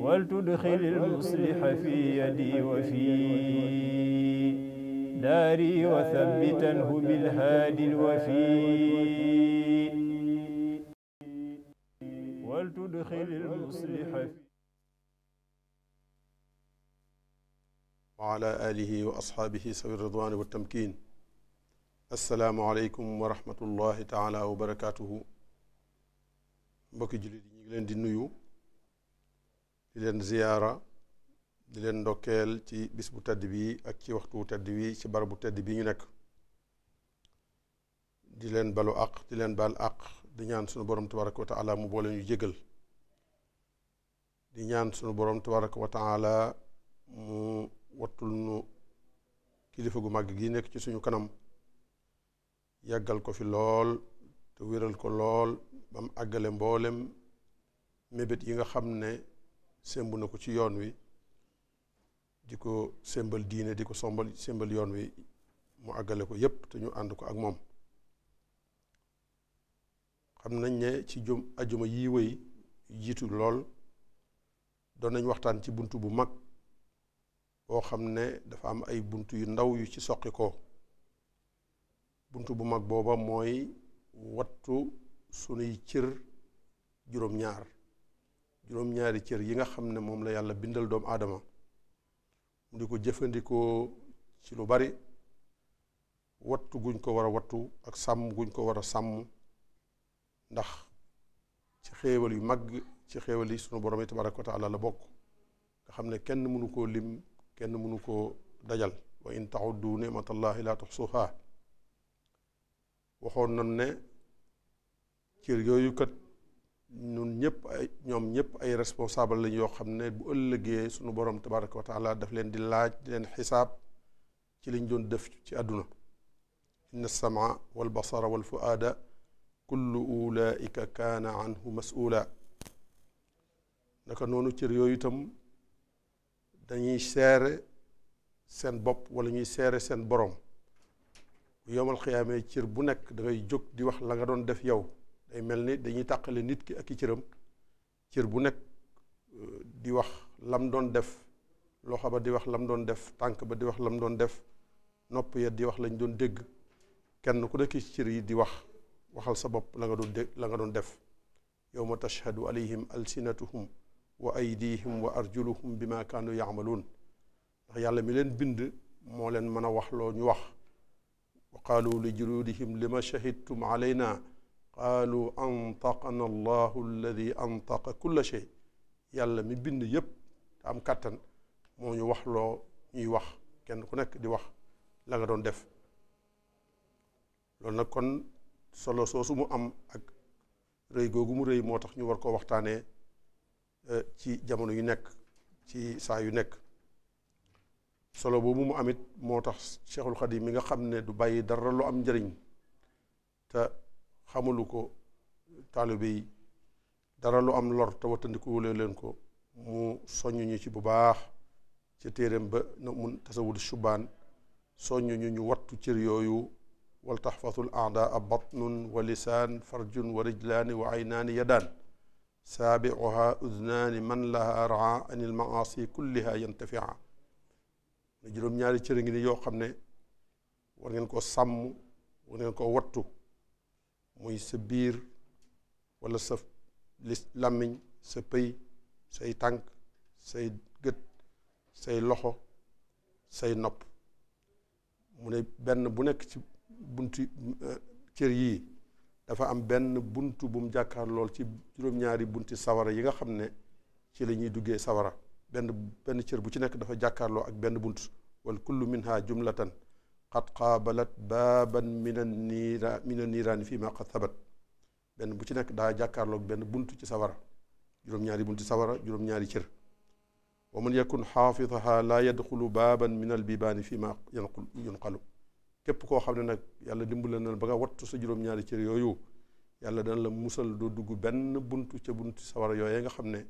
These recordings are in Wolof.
ولتدخل المصلح في يدي وفي داري وثبتنه بالهادي الوفي ولتدخل المصلح في وعلى آله وأصحابه سوي الرضوان والتمكين السلام عليكم ورحمة الله تعالى وبركاته mbokki jullit yi ñu ngi leen di nuyu di leen ziyaara di leen ndokkeel ci bis bu tedd bii ak ci waxtu wu tedd bi ci barabu tedd bi ñu nekk di leen balu àq di leen baal àq di ñaan sunu borom tabaraka wa taala mu boole ñu jégal di ñaan sunu borom tabaraka wa taala mu wattul nu kilifa gu màgg gi nekk ci suñu kanam yàggal ko fi lool te wéral ko lool ba mu àggale mboolem mébét yi nga xam ne sémb na ko ci yoon wi di ko sëmbal diine di ko sombal sémbal yoon wi mu àggale ko yépp te ñu ànd ko ak moom xam nañ ne ci jum ajuma yi wéy jiitu lool doon nañ waxtaan ci bunt bu mag boo xam ne dafa am ay bunt yu ndaw yu ci soqi ko bunt bu mag booba mooy wattu sunuy cër juróom-ñaar juróom-ñaari cër yi nga xam ne moom la yàlla bindal doom aadama mu di ko jëfandikoo ci lu bari wattu guñ ko war a wattu ak sàmm guñ ko war a sàmm ndax ci xéewal yu mag ci xéewal yi sunu borom yi tabaraka wa la bokk nga xam ne kenn mënu koo lim kenn mënu koo dajal wa in taxuddu nimatallahi la tuxsuha waxoon nan ne cër yooyu kat ñun ñëpp ay ñoom ñëpp ay responsable lañ yoo xam ne bu ëllëgee suñu borom tabaraka wa daf leen di laaj leen xisaab ci liñ doon def ci àdduna inna samaa wal basara wal fuaada kullu ulaika kaana anhu masula naka noonu cër yooyu itam dañuy seere seen bopp wala ñuy seere seen borom bu yomal xiyaamee cër bu nekk da jóg di wax la nga doon def yow day mel ni dañuy tàqale nit ki ak i cëram cër bu nekk euh, di wax lam doon def loxo ba di wax lam doon def tànk ba di wax lam doon def nopp ya di wax lañ doon dégg kenn ku nekk ci yi di wax waxal sa bopp la nga doon dégg la nga doon def yawma tashhadu alayhim alsinatuhum wa aydihim wa arjuluhum bima kaanu yaamaluun ndax yàlla mi leen bind moo leen mën a wax loo ñu wax wa qaalu li juluudihim lima shahidtum alayna qaalu antaqana allahu alladi antaqa kulla shay yàlla mi bind yépp te am kàttan moo ñu wax loo ñuy wax kenn ku nekk di wax la nga doon def loolu nag kon solo su mu am ak rëy googu mu rëy moo tax ñu war koo waxtaanee ci jamono yu nekk ci saa yu nekk solo boobu mu amit moo tax Cheikhul Xadim mi nga xam ne du bàyyi dara lu am njëriñ te xamulu ko taalibe yi dara lu am lor te wattandiku leen ko mu soññ ñu ci bu baax ci téeréem ba na mun tasawul shubaan soññ ñu ñu wattu cër yooyu wal taxfasul aada a batnun wa lisaan farjun wa rijlaani wa aynaani yadaan saabiuha udnaani man laha raa an il maasi kulliha yantafia juróom-ñaari cër ngi ni yoo xam ne war ngeen koo sàmm war ngeen ko wattu muy sa biir wala sa lis làmmiñ sa pëy say tànk say gët say loxo say nopp mu ne benn bu nekk ci bunt euh, cër yii dafa am benn bunt bu mu jàkkaar lool ci juróom-ñaari bunti sawara yi nga xam ne ci la ñuy duggee sawara benn benn cër bu ci nekk dafa jàkkaarloo ak benn bunt wal kullu minha jumlatan qad qaabalat baaban min a niira min a niiraani fii ma qad sabat benn bu ci nekk daa jàkkaarlook benn bunt ci sawara juróom-ñaari bunt ci sawara juróom-ñaari cër wa man yakun xaafidaha laa yadxulu baaban min al bibaani fii ma yanqul yunqalu képp koo xam ne nag yàlla dimbale na ba nga wattu sa juróom-ñaari cër yooyu yàlla dana la musal doo dugg benn buntu ca bunt sawara yooyee nga xam ne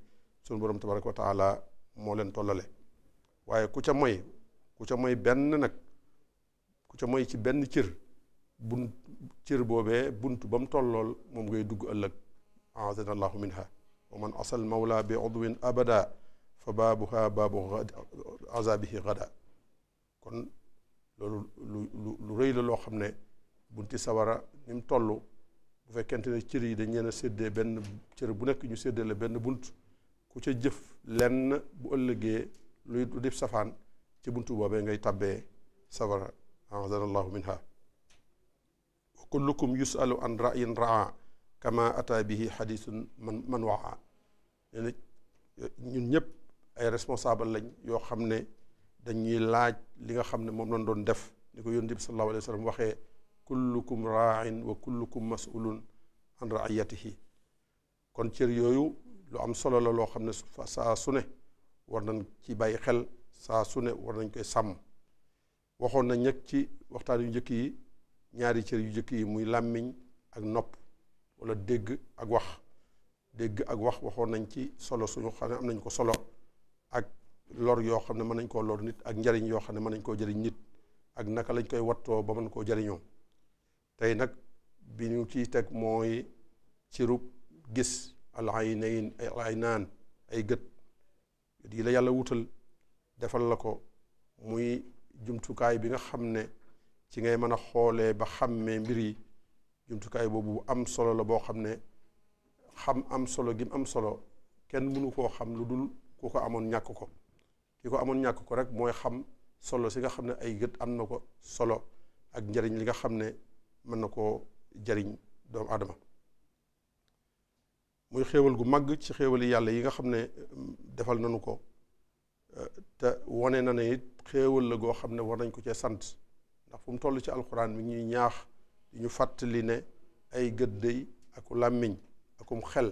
sunu borom tabaraka wa taala moo leen tollale waaye ku ca moy ku ca moy benn nag ku ca moy ci benn cër bun cër boobee bunt ba mu tollool moom ngay dugg ëllëg aadana allahu minha wa man asal mawla bi udwin abada fa baabuha baabu azabihi gada kon loolu lu lu rëy la loo xam ne bunti sawara ni mu toll bu fekkente ne cër yi dañ leen seddee benn cër bu nekk ñu séddee la benn bunt ku ca jëf lenn bu ëllëgee luy lu def safaan ci bunt boobee ngay tàbbee sawara ahadana allahu minha wa kullukum yusalu an rayin raa kama ata bihi xadisun man man waxa ñun ñëpp ay responsable lañ yoo xam ne dañuy laaj li nga xam ne moom lañ doon def ni ko yonent bi sallallahu alayhi wa sallam waxee kullukum raain wa kullukum masulun an raiyatihi kon cër yooyu lu am solo la loo xam ne saa su ne war nañ ci bàyyi xel saa su ne war nañ koy sàmm waxoon na ñëkk ci waxtaan yu njëkk yi ñaari cër yu njëkk yi muy làmmiñ ak nopp wala dégg ak wax dégg ak wax waxoon nañ ci solo suñu xam ne am nañ ko solo ak lor yoo xam ne mën nañ koo lor nit ak njariñ yoo xam ne mën nañ koo jariñ nit ak naka lañ koy wattoo ba mën koo jariñoo tey nag bi ñu ciy teg mooy cirub gis al aynayn al aynaan ay gët yi la yàlla wutal defal la ko muy jumtukaay bi nga xam ne ci ngay mën a xoolee ba xàmmee mbir yi jumtukaay boobu am solo la boo xam ne xam am solo gi am solo kenn mënu koo xam lu dul ku ko amoon ñàkk ko ki ko amoon ñàkk ko rek mooy xam solo si nga xam ne ay gët am na ko solo ak njariñ li nga xam ne mën na koo jariñ doomu aadama muy xéewal gu màgg ci xéewali yàlla yi nga xam ne mm, defal nanu ko euh, te wone na ne it xéewal la goo xam ne war nañ ko cee sant ndax fu mu toll ci alxuraan mi ñuy ñaax di ñu fàttali ne ay gëddëy aku làmmiñ akum xel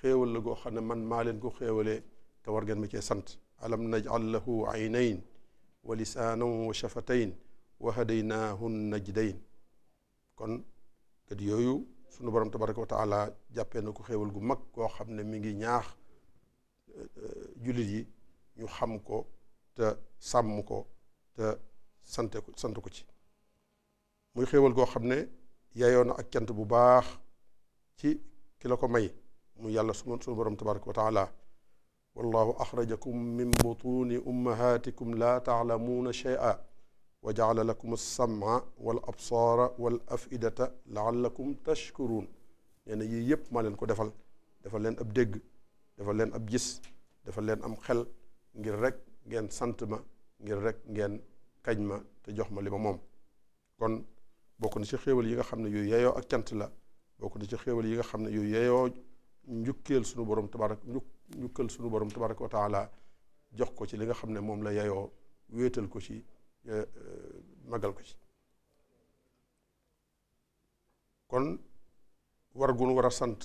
xéewal la goo xam ne man maa leen ko xéewalee te war ngeen ma cee sant alam najal lahu aynayn wa lisaanan wa shafatayn wa hadaynaahu kon gët yooyu sunu borom tabaraka wa taala jàppee na ko xéewal gu mag goo xam ne mi ngi ñaax eh, eh, jullit yi ñu xam ko te sàmm ko te sante ko sant ko ci muy xéewal goo xam ne yayoo na ak cant bu baax ci ki la ko may mu yàlla suma sunu borom tabaraka wa taala wallahu axrajakum min butuni ummahatikum la taalamuuna shay'a wa jaala lakum alsam'a wal absaara wal afidata laallakum tashkuruun nee na yi yépp ma leen ko defal defal leen ab dégg defal leen ab gis defal leen am xel ngir rek ngeen sant ma ngir rek ngeen kañ ma te jox ma li ma moom kon bokk na ci xéewal yi nga xam ne yu yayoo ak cant la bokk na ci xéewal yi nga xam ne yu yeyoo njukkeel sunu borom tabarak njuk njukkal sunu borom tabarak wa taala jox ko ci li nga xam ne moom la yeyoo wéetal ko ci eh, eh, magal ko ci kon war gun war a sant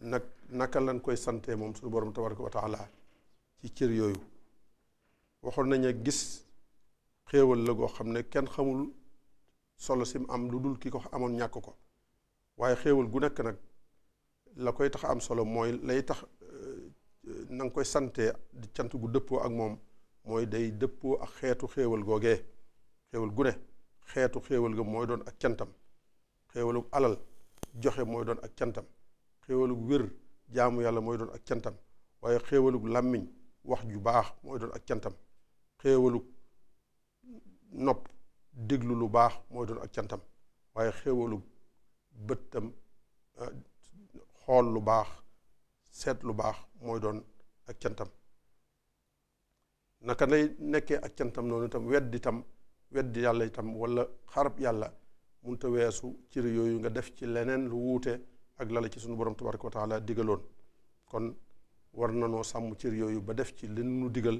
nag naka lañ koy sante moom sunu borom tabarak wa taala ci cër yooyu waxoon nañu gis xéewal la goo xam ne kenn xamul solo sim am lu dul ki ko amoon ñàkk ko waaye xéewal gu nekk nag la koy tax am solo mooy lay tax euh, na nga koy sante di cant gu dëppoo ak moom mooy day dëppoo ak xeetu xéewal googee xéewal gu ne xeetu xéewal ga mooy doon ak cantam xéewalu alal joxe mooy doon ak cantam xéewalu wér jaamu yàlla mooy doon ak cantam waaye xéewalu làmmiñ wax ju baax mooy doon ak cantam xéewalu nopp déglu lu baax mooy doon ak cantam waaye xéewalu bëttam euh, xool lu baax seet lu baax mooy doon ak cantam naka lay nekkee ak cantam noonu itam weddi itam weddi yàlla itam wala xarab yàlla munta weesu cër yooyu nga def ci leneen lu wuute ak lala ci sunu borom tabaraka wa taala digaloon kon war nanoo sàmm cër yooyu ba def ci leen nu digal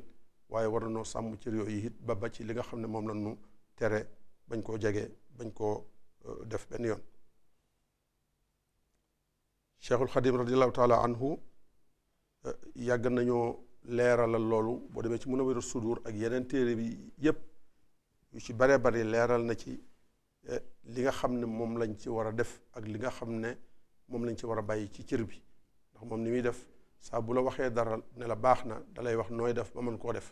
waaye war noo sàmm cër yooyu it ba ba ci li nga xam ne moom la ñu tere bañ koo jege bañ koo euh, def benn yoon cheikhul xadim radiallahu taala anhu euh, yàgg nañoo leeralal loolu boo demee ci Munawwirus Sudur ak yeneen téere bi yépp ci bare bari leeral na ci euh, li nga xam ne moom lañ ci war a def ak li nga xam ne moom lañ ci war a bàyyi ci cër bi ndax moom ni muy def saa bu la waxee dara ne la baax na dalay wax nooy def ba mën koo def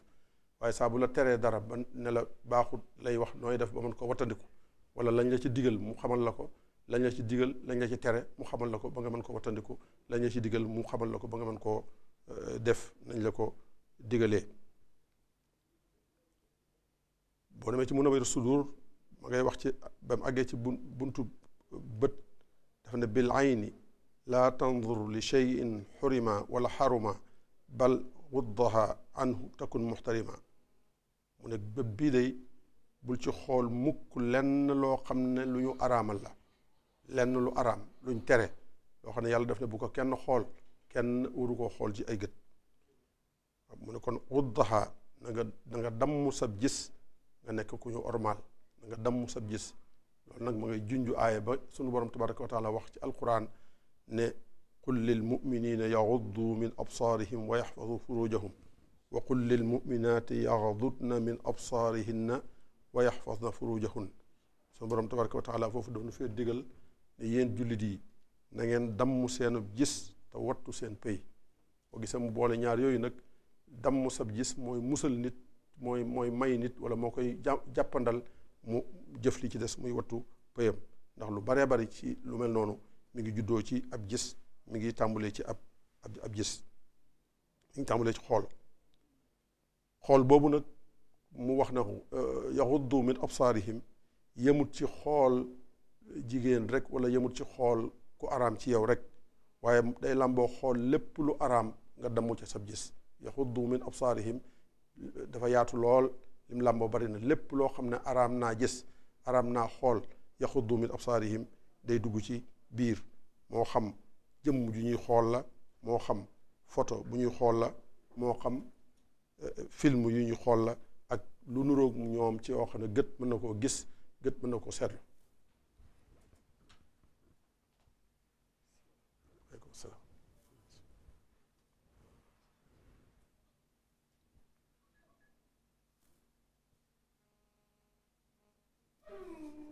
waaye saa bu la teree dara ba ne la baaxut lay wax nooy def ba mën koo wattandiku wala lañ la ci digal mu xamal la ko lañ la ci digal lañ la ci tere mu xamal la ko ba nga mën ko wattandiku lañ ci digal mu xamal la ko ba nga mën koo euh, def nañ la ko digalee boo demee ci mun Munawwirus Sudur ma ngay wax ci ba mu àggee ci buntu bët dafa ne bil ayni laa tandur li cheyin xurima wala xaruma bal wuddaha anhu takun muxtarima mu ne bëb bii day bul ci xool mukk lenn loo xam ne lu ñu araamal la lenn lu araam luñ tere loo xam ne yàlla def ne bu ko kenn xool kenn waru koo xool ci ay gët mu ne kon wuddaha na nga na nga damm sab gis nga nekk ku ñu ormaal na nga damm sab gis loolu nag ma junju aaya ba sunu borom tabaraka wa taala wax ci alquran ne qul lil muminina yaxuddu min absaarihim wa yaxfadu furujahum wa qul lil muminaati yaxdudna min absaarihinna wa yaxfadna furujahun sunu borom tabaraka wa taala foofu daf nu fee digal ne yéen jullit yi na ngeen damm seenub gis te wattu seen pëy boo gisee mu boole ñaar yooyu nag dam sab gis mooy musal nit mooy mooy may nit wala moo koy jàppandal mu jëf li ci des muy wattu pëyam ndax lu baree bari ci lu mel noonu mi ngi juddoo ci ab gis mi ngi tàmbalee ci ab ab gis mi ngi tàmbalee ci xool xool boobu nag mu wax na ko euh, yaxuddu min absaarihim yemut ci xool jigéen rek wala yemut ci xool ku araam ci yow rek waaye day làmboo xool lépp lu araam nga damm ca sab gis yaxuddu min absaarihim dafa yaatu lool lim làmboo bari na lépp loo xam ne araam naa gis araam naa xool yaxuddu min absaarihim day dugg ci biir moo xam jëmm ju ñuy xool la moo xam photo bu ñuy xool la moo xam euh, film yu ñuy xool la ak lu nuroog ñoom ci yoo xam ne gët mën na koo gis gët mën na koo seetlu Thank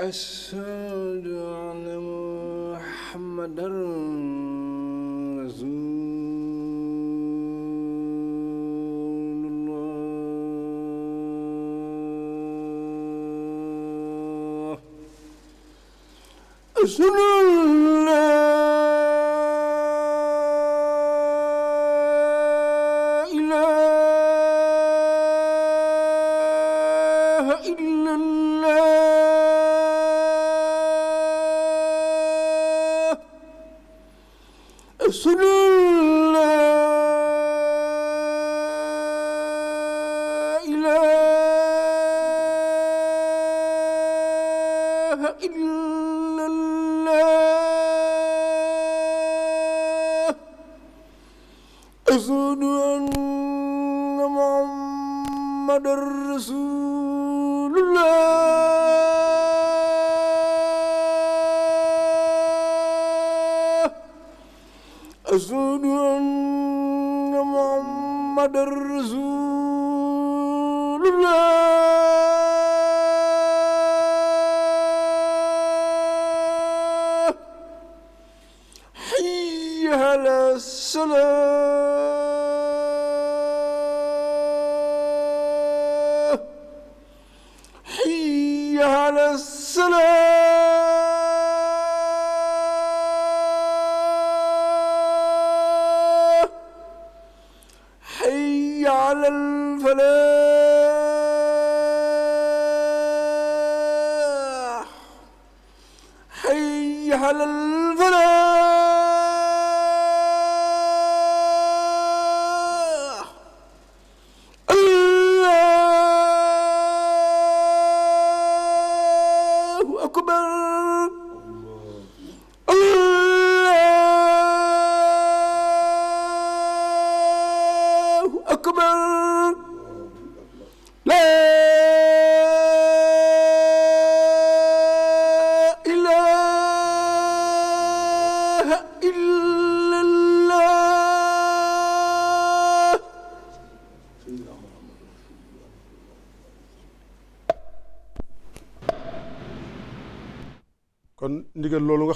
أشهد أن محمدا رسول الله أشهد sunu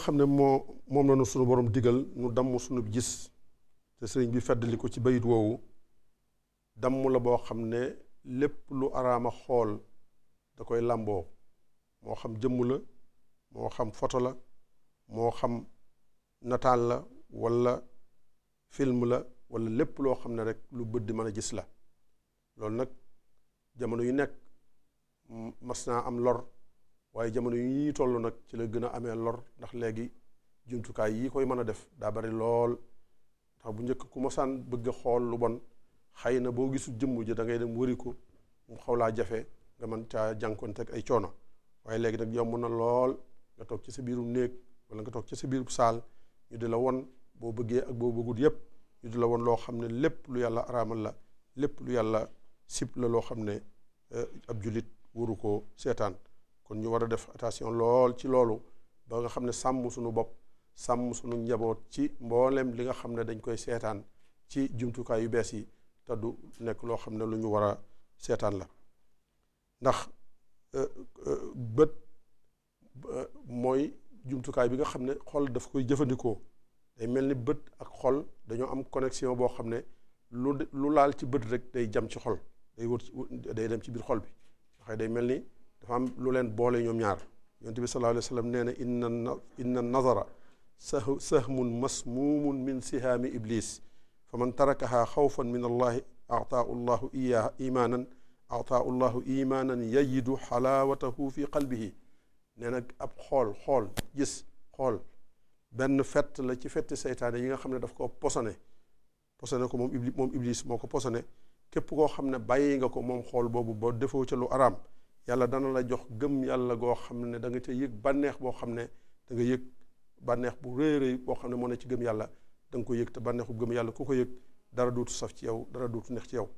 xam ne moo moom la nu sunu boroom digal nu damm sunu gis te sëriñ bi feddali ko ci bayit woowu damm la boo xam ne lépp lu araama xool da koy làmboo moo xam jëmm la moo xam foto la moo xam nataal la walla film la walla lépp loo xam ne rek lu bët di mën a gis la loolu nag jamono yu nekk mas naa am lor waaye jamono yi ñuy toll nag ci la gën a amee lor ndax léegi jumtukaay yi koy mën a def daa bari lool ndax bu njëkk ku mosaan bëgg xool lu bon xëy na boo gisu jëmm ji da ngay dem wëri ko mu xaw laa jafe nga mën caa jànkoonteeg ay coono waaye léegi nag yomb na lool nga toog ci sa biirum néeg wala nga toog ci sa biirum saal ñu di la won boo bëggee ak boo bëggut yépp ñu di la won loo xam ne lépp lu yàlla araamal la lépp lu yàlla sib la loo xam ne eh, ab jullit waru koo seetaan kon ñu war a def attention lool ci loolu ba nga xam ne sàmm suñu bopp sàmm suñu njaboot ci mboolem li nga xam ne dañ koy seetaan ci jumtukaay yu bees yi te du nekk loo xam ne lu ñu war a seetaan la ndax euh, euh, bët euh, mooy jumtukaay bi nga xam ne xol daf koy jëfandikoo day mel ni bët ak xol dañoo am connexion boo xam ne lu lu laal ci bët rek day jam ci xol day wër day dem ci biir xol bi waxee day mel ni dafa am lu leen boole ñoom ñaar yonent bi sallallahu alayhi wa sallam nee na inna inna nazara sah sahmun masmumun min sihaami iblis fa man tarakahaa xawfan min allahi ataau llahu iyaa imaanan ataau llahu imaanan yajidu xalaawatahu fi qalbihi nee na ab xool xool gis xool benn fett la ci fetti seytaane yi nga xam ne daf ko posone posone ko moom ibli moom iblis moo ko posone képp koo xam ne bàyyi nga ko moom xool boobu ba defoo ca lu araam yàlla dana la jox gëm yàlla goo xam ne da nga ca yëg bànneex boo xam ne danga nga yëg bànneex bu rëy rëy boo xam ne moo ne ci gëm yàlla danga nga ko yëg te bànneexu gëm yàlla ku ko yëg dara dootu saf ci yow dara dootu neex ci yow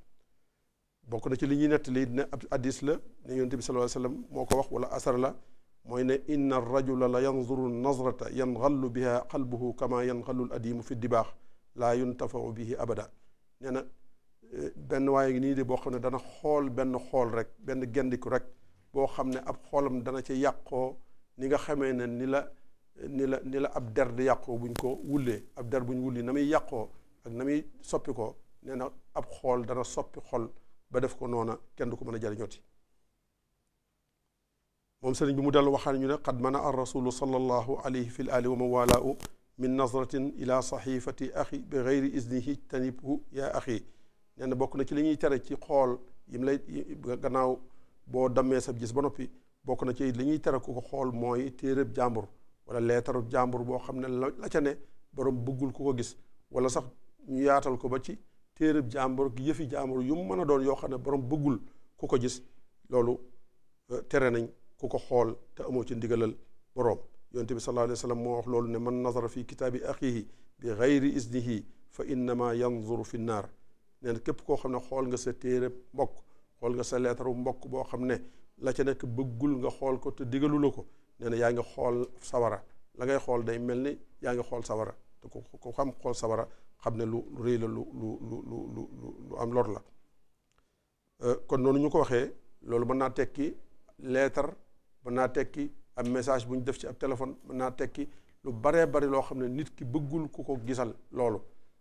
bokk na ci li ñuy nettali ne ab hadis la ne yonent bi sallallahu alayhi wasallam moo ko wax wala asar la mooy ne inna rajula la yanzuru nazrata yanxallu biha qalbuhu kama yanxallu al adimu fi dibaax laa yuntafau bihi abada nee na benn waaye ngi nii de boo xam ne dana xool benn xool rek benn gendiku rek boo xam ne ab xoolam dana ca yàqoo ni nga xamee ne ni la ni la ni la ab der di yàqoo buñ ko wullee ab der buñ wulli na muy yàqoo ak na muy soppi ko nee na ab xool dana soppi xol ba def ko noona kenn du ko mën a jariñooti moom sëriñ bi mu dellu waxaan ñu ne qad mana ar rasulu sallallahu alayhi fi l ali wa mawalaau min nazratin ila saxifati axi bi geyri isnihi tanibhu yaa axi nee na bokk na ci li ñuy tere ci xool yim lay gannaaw boo dammee sa gis ba noppi bokk na ci li ñuy tere ku ko xool mooy téere téereb jàmbur wala leetarub jàmbur boo xam ne la ca ne borom bëggul ku ko gis wala sax ñu yaatal ko ba ci téereb jàmbur ak yëfi jàmbur yu mu mën a doon yoo xam ne borom bëggul ku ko gis loolu euh, tere nañ ku ko xool te amoo ci ndigalal borom yonte bi sallallahu alayhi wa sallam moo wax loolu ne man nazara fi kitaabi axihi bi gayri isnihi fa innama yanzuru fi naar nee képp koo xam ne xool nga sa téere mbokk xool nga sa leetaru mbokk boo xam ne la ca nekk bëggul nga xool ko te digalu la ko nee na yaa ngi xool sawara la ngay xool day mel ni yaa ngi xool sawara te ku xam xool sawara xam ne lu rëy la lu lu lu lu lu am lor la euh, kon noonu ñu ko waxee loolu mën naa tekki leetar mën naa tekki ak message bu ñu def ci ab téléphone mën naa tekki lu baree bari loo xam ne nit ki bëggul ku ko gisal loolu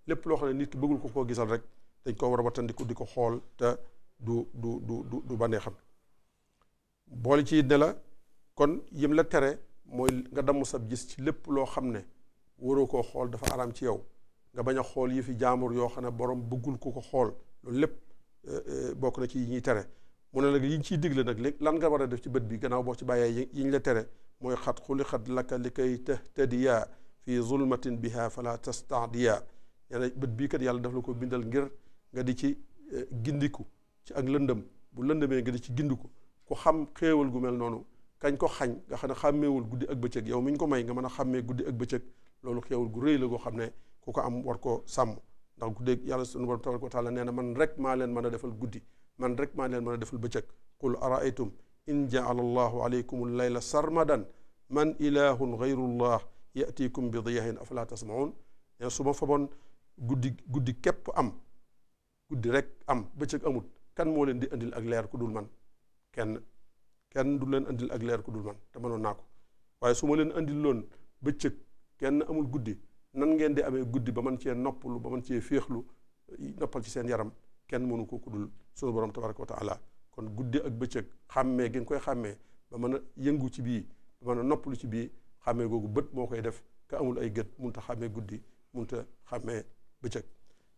lépp loo xam ne nit bëggul ku ko gisal rek dañ ko war a wattandiku di ko xool te du du du du du banee xam bool ci ne kon yim la tere mooy nga damm sab gis ci lépp loo xam ne waroo koo xool dafa araam ci yow nga bañ a xool yi fi jaamur yoo xam ne borom bëggul ko ko xool loolu lépp eh, eh, bokk na ci yi ñuy tere mu ne nag yi ñu ciy digle nag léegi lan nga war a def ci bët bi gannaaw boo ci bàyyee yi ñu la tere mooy xat xuli xat laka li kay tahtadiya fi zulmatin biha fala tastadiya nee na bët bii yàlla daf la ko bindal ngir nga di ci eh, gindiku ci ak lëndëm bu lëndëmee nga di ci gindiku ku xam xéewal gu mel noonu kañ ko xañ nga xam ne xàmmeewul guddi ak bëccëg yow mi ko may nga mën a xàmmee guddi ak bëccëg loolu xéewal gu rëy la goo xam ne ku ko am war koo sàmm ndax guddeeg yàlla sunu borom tabaraka wa taala nee na man rek maa leen mën a defal guddi man rek maa mën a defal bëccëg qul araaytum in jaala allahu aleykum layla sarmadan man ilahun gayrullah yatikum bi diyahin afala tasmaun ne su ma fa guddi guddi képp am guddi rek am bëccëg amut kan moo leen di indil ak leer ku dul man kenn kenn du leen indil ak leer ku dul man te mënoon naa ko waaye su ma leen indil loon bëccëg kenn amul guddi nan ngeen di amee guddi ba man cee noppalu ba man cee féexlu noppal ci seen yaram kenn mënu ko ku dul sunu borom tabaraka wa taala kon guddi ak bëccëg xàmmee gi nga koy xàmmee ba mën a yëngu ci bii ba mën a noppalu ci bii xàmmee googu bët moo koy def ka amul ay gët munta xàmmee guddi munta xàmmee bëccëg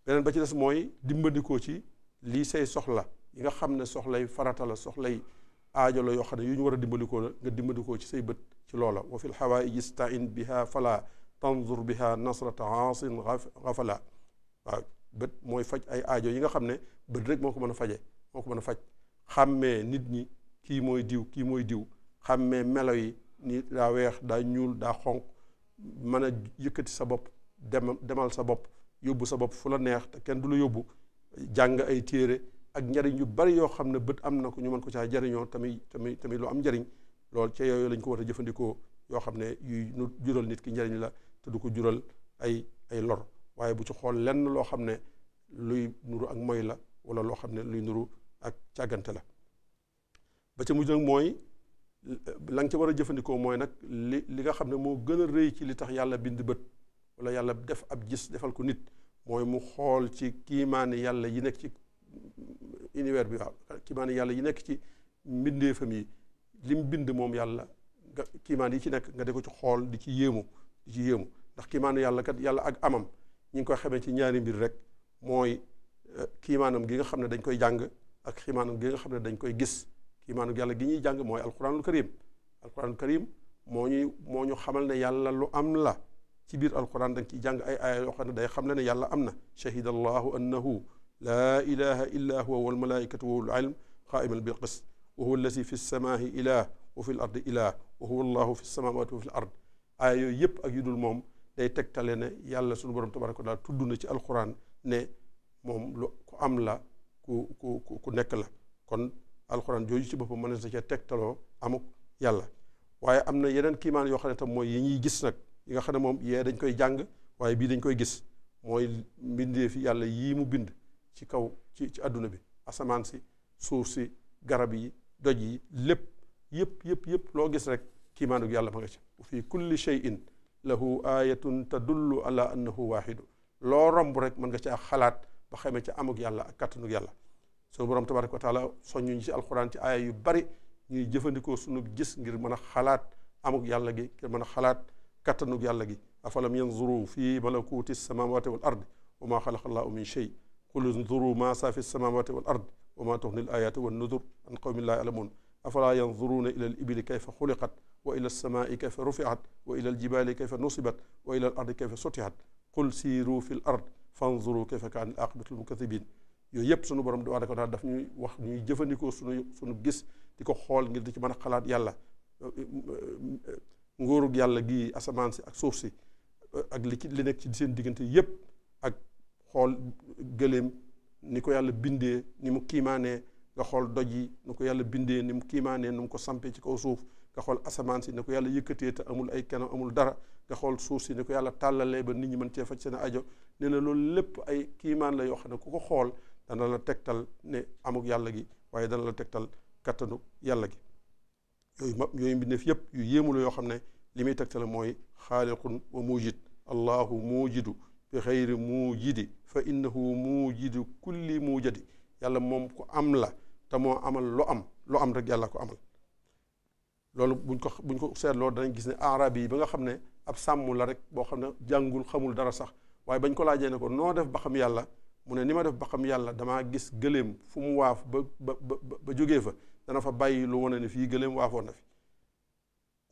beneen ba ci des mooy dimbandikoo ci lii say soxla yi nga xam ne soxlay farata la soxlay aajo la yoo xam ne yu ñu war a dimbandikoo la nga dimbandikoo ci say bët ci loola wa fi bi stain biha fala bi biha nasrata aasin gafala waaw bët mooy faj ay aajo yi nga xam ne bët rek moo ko mën a faje moo ko mën a faj xàmmee nit ñi kii mooy diw kii mooy diw xàmmee melo yi ni daa weex daa ñuul daa xonq mën a yëkkati sa bopp dem demal sa bopp yóbbu sa bopp fu la neex te kenn du la yóbbu jàng ay téere ak njariñ yu bari yoo xam ne bët am na ko ñu mën ko caa jariñoo tamit tamit tamit lu am njariñ loolu ca yooyu lañ ko war a jëfandikoo yoo xam ne yuy jural nit ki njariñ la te du ko jural ay ay lor waaye bu ci xool lenn loo xam ne luy nuru ak moy la wala loo xam ne luy nuru ak càggante la ba ca mujj nag mooy la nga ca war a jëfandikoo mooy nag li li nga xam ne moo gën a rëy ci li tax yàlla bind bët wala yàlla def ab gis defal ko nit mooy mu xool ci kiimaani yàlla yi nekk ci univers bi waaw kiimaani yàlla yi nekk ci mbindeefam yi lim bind moom yàlla kiimaan yi ci nekk nga di ko ci xool di ci yéemu di ci yéemu ndax kiimaanu yàlla kat yàlla ak amam ñi ngi koy xamee ci ñaari mbir rek mooy eh, kiimaanam gi nga xam ne dañ koy jàng ak kiimaanam gi nga xam ne dañ koy gis kiimaanu yàlla gi ñuy jàng mooy alquranul karim alquranul karim moo ñuy moo ñu xamal ne yàlla lu am la ci biir alquran da nga ciy ay aaya yoo xam ne day xam le ne yàlla am na shahida allahu annahu laa ilaha illa huwa walmalaikatu wa ulul ilm qaiman bil qist wa huwa allazi fi lsamahi ilah fi l ardi ilah fi lsamawati wa fi l ard yooyu yëpp ak yu moom day tegtale ne yàlla sunu borom tabaraka wa taala ci alquran ne moom lu ku am ku nekk la kon alxuraan jooju ci boppam mën na sa ca tegtaloo amuk yàlla waaye am na yeneen kiimaan yoo xam ne tam mooy yi ñuy gis nag yi nga xam ne moom yee dañ koy jàng waaye bii dañ koy gis mooy mbindee fi yàlla yii mu bind ci kaw ci ci àdduna bi asamaan si suuf si garab yi doj yi lépp yëpp yëpp yëpp loo gis rek kiimaanug yàlla ma nga ci fi kulli shay'in lahu ayatun tadullu ala annahu waaxidu loo romb rek mën nga ci xalaat ba xamee ci amug yàlla ak kattanug yàlla sunu borom tabaraka wa taala soññu ñu ci alquran ci aaya yu bari ñuy jëfandikoo sunu gis ngir mën a xalaat amug yàlla gi mën a xalaat kattanug yàlla gi afalam yanzuru fi malakuti samawati wal ard wa ma xalaqa allahu min shay qul unzuru ma saa fi samawati wal ard wa ma tuxni al ayatu wan nuzur an qawmin laa yalamuun afala yanzuruna ila al ibili kayfa xuliqat wa ila alsamaai kayfa rufiat wa ila aljibaali kayfa nusibat wa ila al ardi kayfa sutihat qul siiru fi l ard fanzuru kayfa kaana al aqibatu al mukadibin yooyu yëpp sunu borom tabaaraka wa taala daf ñuy wax ñuy jëfandikoo sunu sunu gis di ko xool ngir di ci mën a xalaat yàlla nguurug yàlla gii asamaan si ak suuf si euh, ak li ci li nekk ci seen diggante yépp ak xool gëléem ni ko yàlla bindee ni mu kiimaanee nga xool doj yi ni ko yàlla bindee ni mu kiimaanee ni mu ko sampee ci kaw suuf nga xool asamaan si ni ko yàlla yëkkatee te amul ay kanam amul dara nga xool suuf si ni ko yàlla tàllalee ba nit ñi mën cee faj seen ajo nee na loolu lépp ay kiimaan la yoo xam ne ku ko xool dana la tegtal ne amuk yàlla gi waaye dana la tegtal kattanu yàlla gi yooyu ma yooyu mbindeef yépp yu yéemu yoo xam ne li muy tegtale mooy xaaliqun wa mujid allahu mujidu bi xeyri mujidi fa innahu mujidu kulli mujadi yàlla moom ko am la te moo amal lu am lu am rek yàlla ko amal loolu buñ ko buñ ko seetloo danañ gis ne arab yi ba nga xam ne ab sàmm la rek boo xam ne jàngul xamul dara sax waaye bañ ko laajee ne ko noo def ba xam yàlla mu ne ni ma def ba xam yàlla damaa gis gëléem fu mu waaf ba ba ba jógee fa dana fa bàyyi lu wane ne fii gëléem waafoon na fi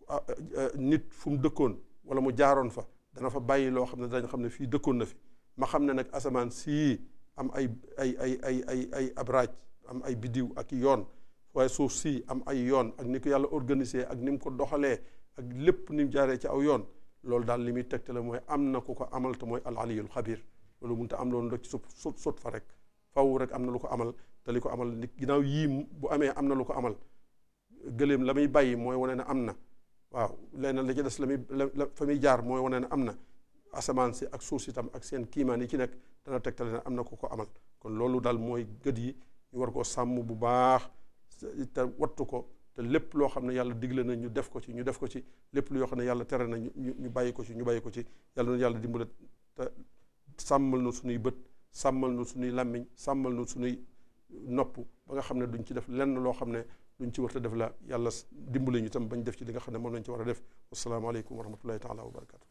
ah, eh, eh, nit fu mu dëkkoon wala mu jaaroon fa dana fa bàyyi loo xam ne dañ xam ne fii dëkkoon na fi ma xam ne nag asamaan sii am ay ay ay ay ay ay am ay biddiw ak yoon waaye suuf sii am ay yoon ak ni ko yàlla organisé ak ni mu ko doxalee ak lépp ni mu jaaree ci aw yoon loolu daal li muy tegtale mooy am na ku ko amal te mooy al aliyul xabir loolu mënut a am loolu rek ci sut sut fa rek faw rek am na lu ko amal te ko amal li ginnaaw yii bu amee am na lu ko amal gëléem la muy bàyyi mooy wane na am na waaw leneen la ci des la muy fa muy jaar mooy wane ne am na asamaan si ak suuf si tam ak seen kiimaan yi ci nekk te dana tegtale ne am na ko ko amal kon loolu daal mooy gët yi ñu war koo sàmm bu baax te wattu ko te lépp loo xam ne yàlla digle na ñu def ko ci ñu def ko ci lépp lu yoo xam ne yàlla tere na ñu ñu ko ci ñu bàyyi ko ci yàlla yàlla dimbale te sàmmal na suñuy bët sàmmal na suñuy làmmiñ sàmmal na suñuy nopp ba nga xam ne duñ ci def lenn loo xam ne duñ ci warta def la yàlla dimbali ñu tam bañ def ci li nga xam ne moom lañ ci war a def wasalaamaaleykum wa rahmatullahi taala wa barakatu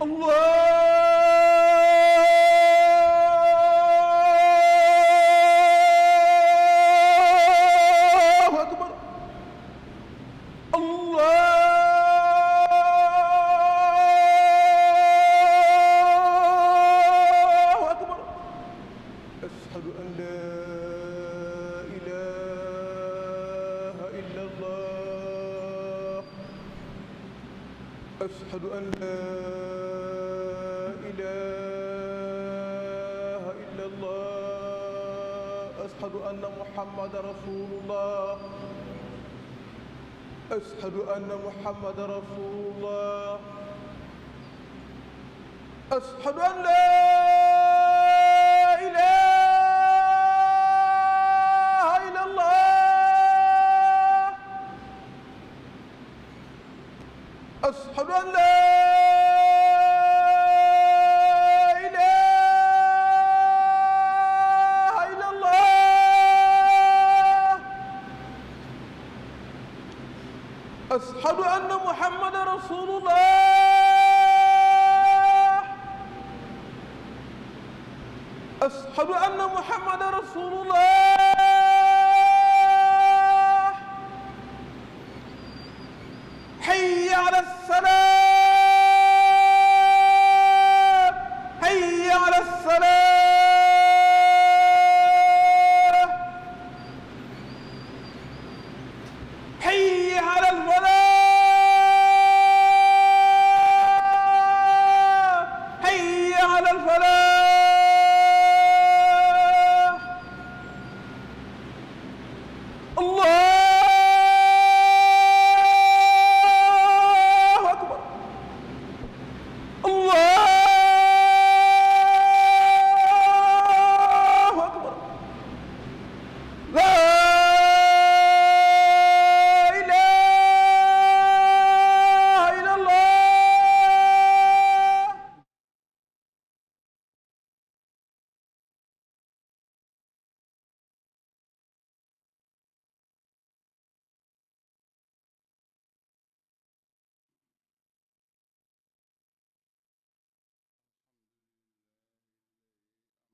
الله محمد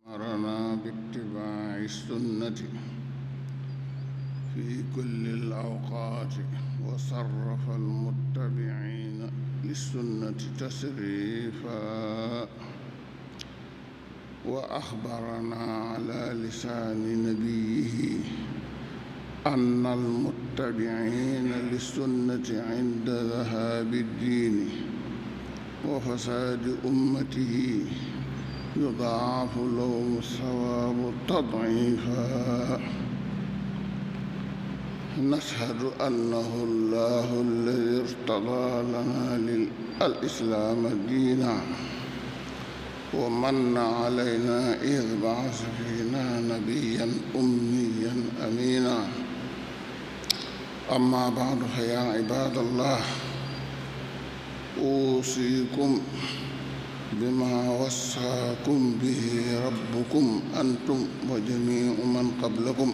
أمرنا باتباع السنة في كل الأوقات وصرف المتبعين للسنة تسريفا وأخبرنا على لسان نبيه أن المتبعين للسنة عند ذهاب الدين وفساد أمته يضاعف له الثواب تضعيفا نشهد أنه الله الذي ارتضى لنا الإسلام دينا ومن علينا إذ بعث فينا نبيا أميا أمينا أما بعد فيا عباد الله أوصيكم بما وصاكم به ربكم أنتم وجميع من قبلكم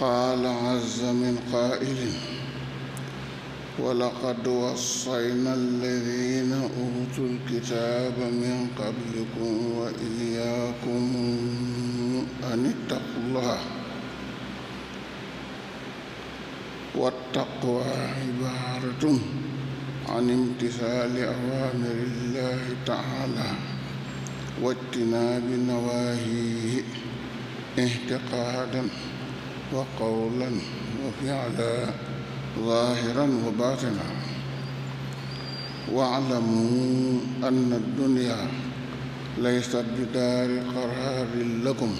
قال عز من قائل ولقد وصينا الذين أوتوا الكتاب من قبلكم وإياكم أن اتقوا الله والتقوى عبارة عن امتثال أوامر الله تعالى واجتناب نواهيه اعتقادا وقولا وفعلا ظاهرا وباطنا واعلموا أن الدنيا ليست بدار قرار لكم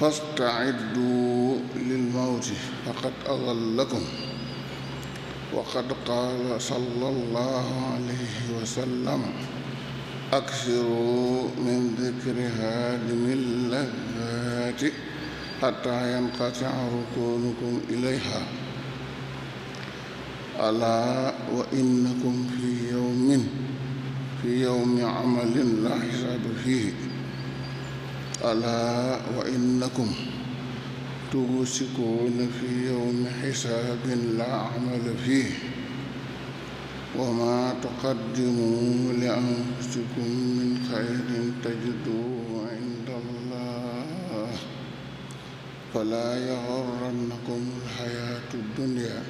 فاستعدوا للموت فقد أظلكم وقد قال صلى الله عليه وسلم أكثروا من ذكرها لمن اللذات حتى ينقطع ركونكم إليها ألا وإنكم في يوم في يوم عمل لا حساب فيه ألا وإنكم تمسكون في يوم حساب لا عمل فيه وما تقدموا لأنفسكم من خير تجدوه عند الله فلا يغرنكم الحياة الدنيا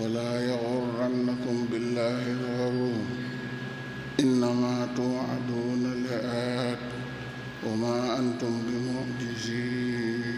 ولا يغرنكم بالله الغرور إنما توعدون لآت وما أنتم بمعجزين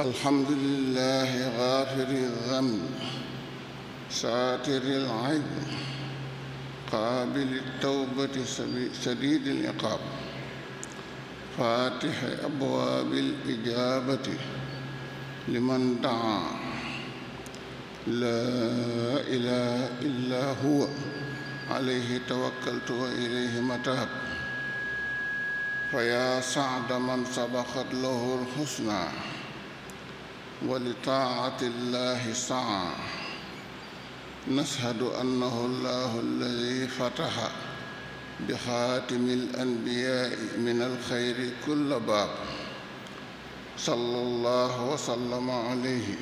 الحمد لله غافر الذنب ساتر العيب قابل التوبة سديد العقاب فاتح أبواب الإجابة لمن دعا لا إله إلا هو عليه توكلت وإليه متاب فيا سعد من سبقت له الحسنى ولطاعة الله سعى نشهد أنه الله الذي فتح بخاتم الأنبياء من الخير كل باب صلى الله وسلم عليه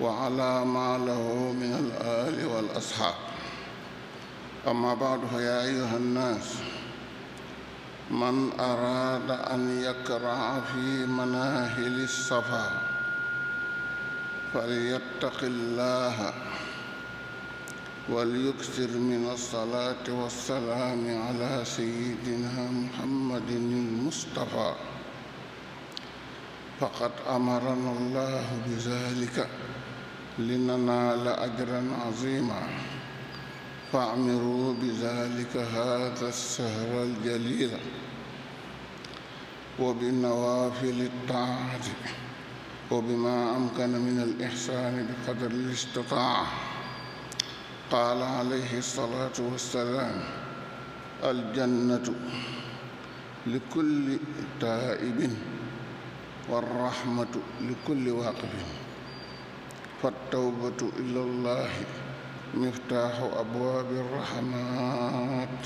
وعلى ما له من الآل والأصحاب أما بعد فيا أيها الناس من أراد أن يكرع في مناهل الصفا فليتق الله وليكثر من الصلاة والسلام على سيدنا محمد المصطفى فقد أمرنا الله بذلك لننال أجرا عظيما فاعمروا بذلك هذا السهر الجليل وبالنوافل الطاعة وبما أمكن من الإحسان بقدر الاستطاعة قال عليه الصلاة والسلام الجنة لكل تائب والرحمة لكل واقف فالتوبة إلى الله مفتاح أبواب الرحمات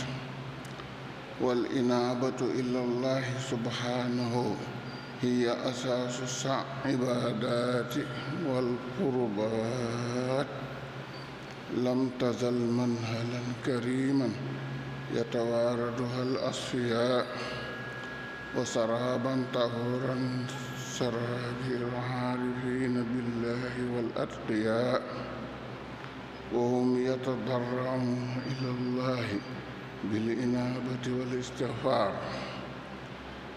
والإنابة إلى الله سبحانه hiya asaasu sa ibaadaati wal qurbaat lam tazal manhalan kariman yatawaaraduha al asfiyaa wa saraaban tahuuran saraabi alxaarifiina billahi wal atqiyaa wa hum yatadarracuuna ila allahi bil inaabati wal istigfaar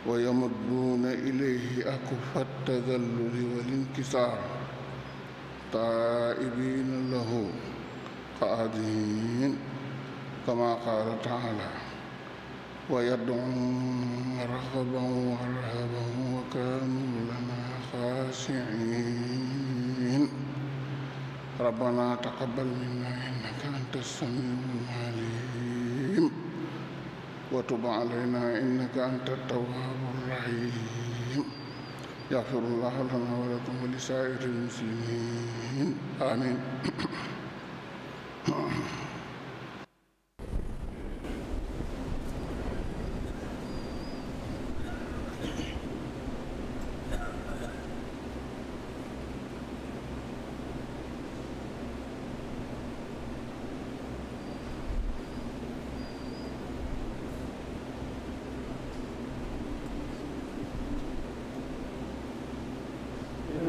ويمدون إليه أكف التذلل والانكسار تائبين له قادمين كما قال تعالى ويدعون رغبا ورهبا وكانوا لنا خاشعين ربنا تقبل منا إنك أنت السميع العليم وتب علينا إنك أنت التواب الرحيم يغفر الله لنا ولكم ولسائر المسلمين آمين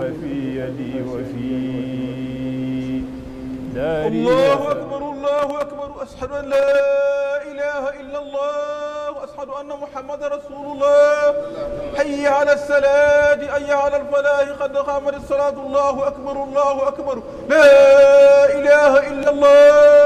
في يدي وفي داري الله أكبر الله أكبر أشهد أن لا إله إلا الله أشهد أن محمد رسول الله حي على السلاد حي على الفلاح قد قامت الصلاة الله أكبر الله أكبر لا إله إلا الله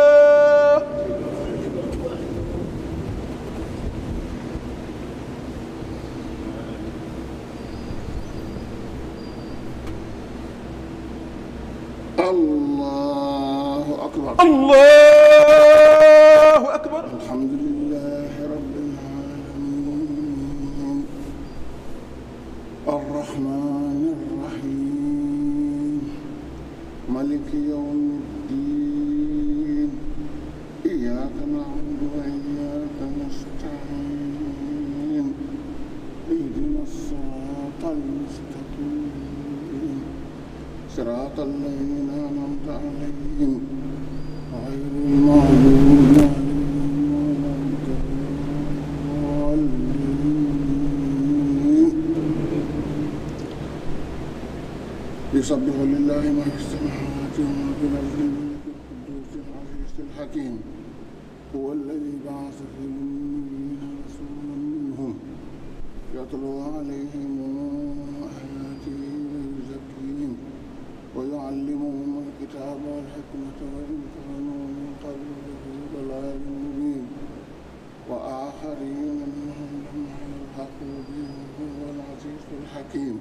آخرين منهم لما يلحق به وهو العزيز الحكيم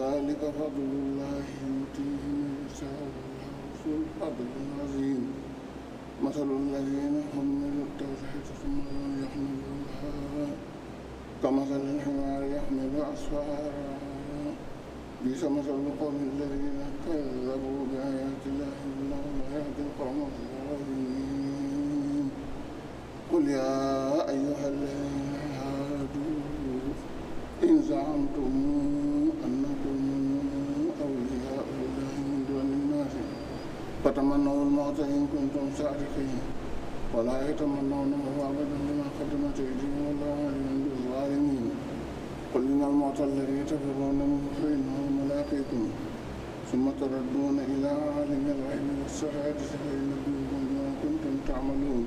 ذلك فضل الله يؤتيه من يشاء والله ذو الفضل العظيم مثل الذين حملوا التوحيد ثم لم يحملوها كمثل الحمار يحمل أسفارا بئس مثل القوم الذين كذبوا بآيات الله والله لا يهدي القوم الظالمين قل يا أيها الذين هادوا إن زعمتم أنكم أولياء لله من دون الناس فتمنوا الموت إن كنتم صادقين ولا يتمنونه أبدا بما قدمت أيديهم والله عليم بالظالمين قل إن الموت الذي تفرون منه فإنه ملاقيكم ثم تردون إلى عالم الغيب والشهادة فينبئكم بما كنتم تعملون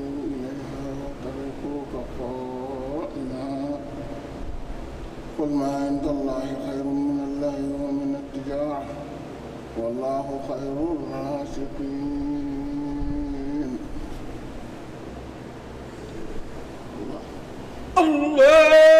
فقائنا قل ما عند الله خير من الله ومن التجارة والله خير الرازقين الله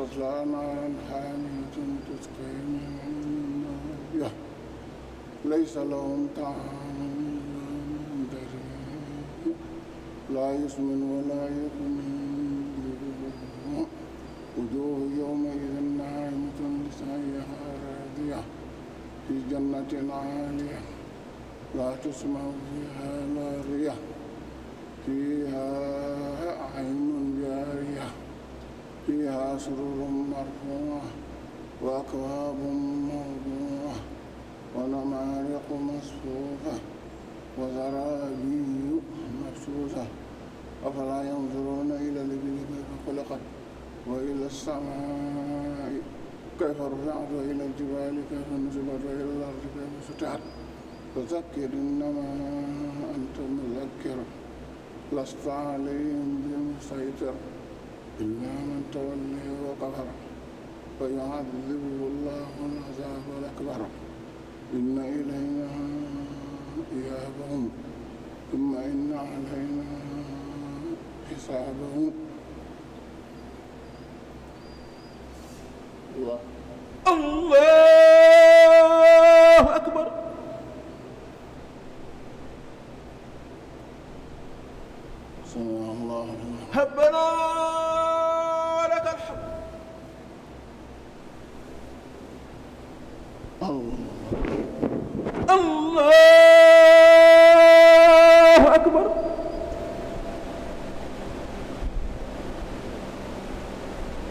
تظلمان حميد تسقي ماء ليس لهم طعام لا يسمن ولا يغني وجوه يومئذ ناعمة لسعيها راضية في جنة عالية لا تسمع فيها لاغية فيها عين فيها سرور مرفوعة وأكواب موضوعة ونمارق مصفوفة وزرابي مبثوثة أفلا ينظرون إلى الإبل كيف خلقت وإلى السماء كيف رفعت وإلى الجبال كيف نصبت وإلى الأرض كيف سطحت فذكر إنما أنت مذكر لست عليهم بمسيطر إلا من تولي وكفر فيعذبه الله العذاب الأكبر إن إلينا إيابهم ثم إن علينا حسابهم الله الله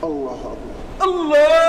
allahu akbar allah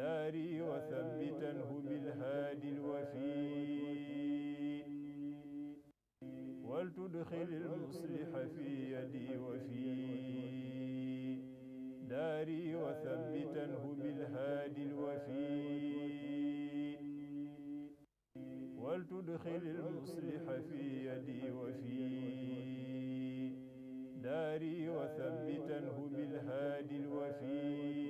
داري وثبته بالهادي الوفي ولتدخل المصلح في يدي وفي داري وثبته بالهادي الوفي ولتدخل المصلح في يدي وفي داري وثبته بالهادي الوفي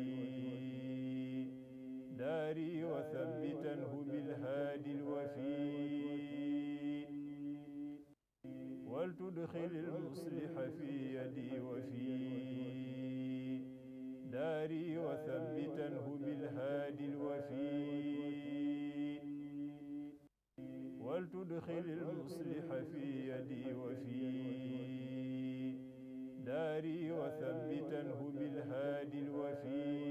داري وثبته بالهادي الوفي ولتدخل المصلح في يدي وفي داري وثبته بالهادي الوفي ولتدخل المصلح في يدي وفي داري وثبته بالهادي الوفي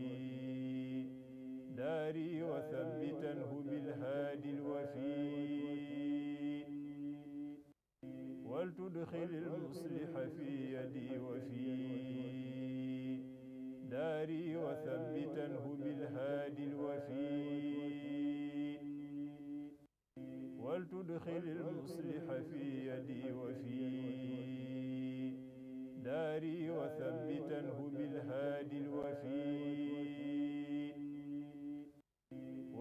داري وثبته بالهادي الوفي ولتدخل المصلح في يدي وفي داري وثبته بالهادي الوفي ولتدخل المصلح في يدي وفي داري وثبته بالهادي الوفي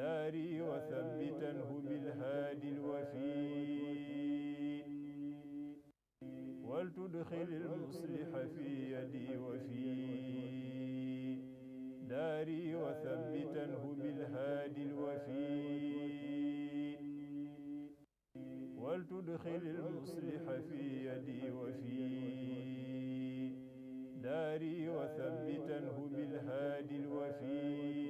داري وثبته بالهادي الوفي ولتدخل المصلح في يدي وفي داري وثبته بالهادي الوفي ولتدخل المصلح في يدي وفي داري وثبته بالهادي الوفي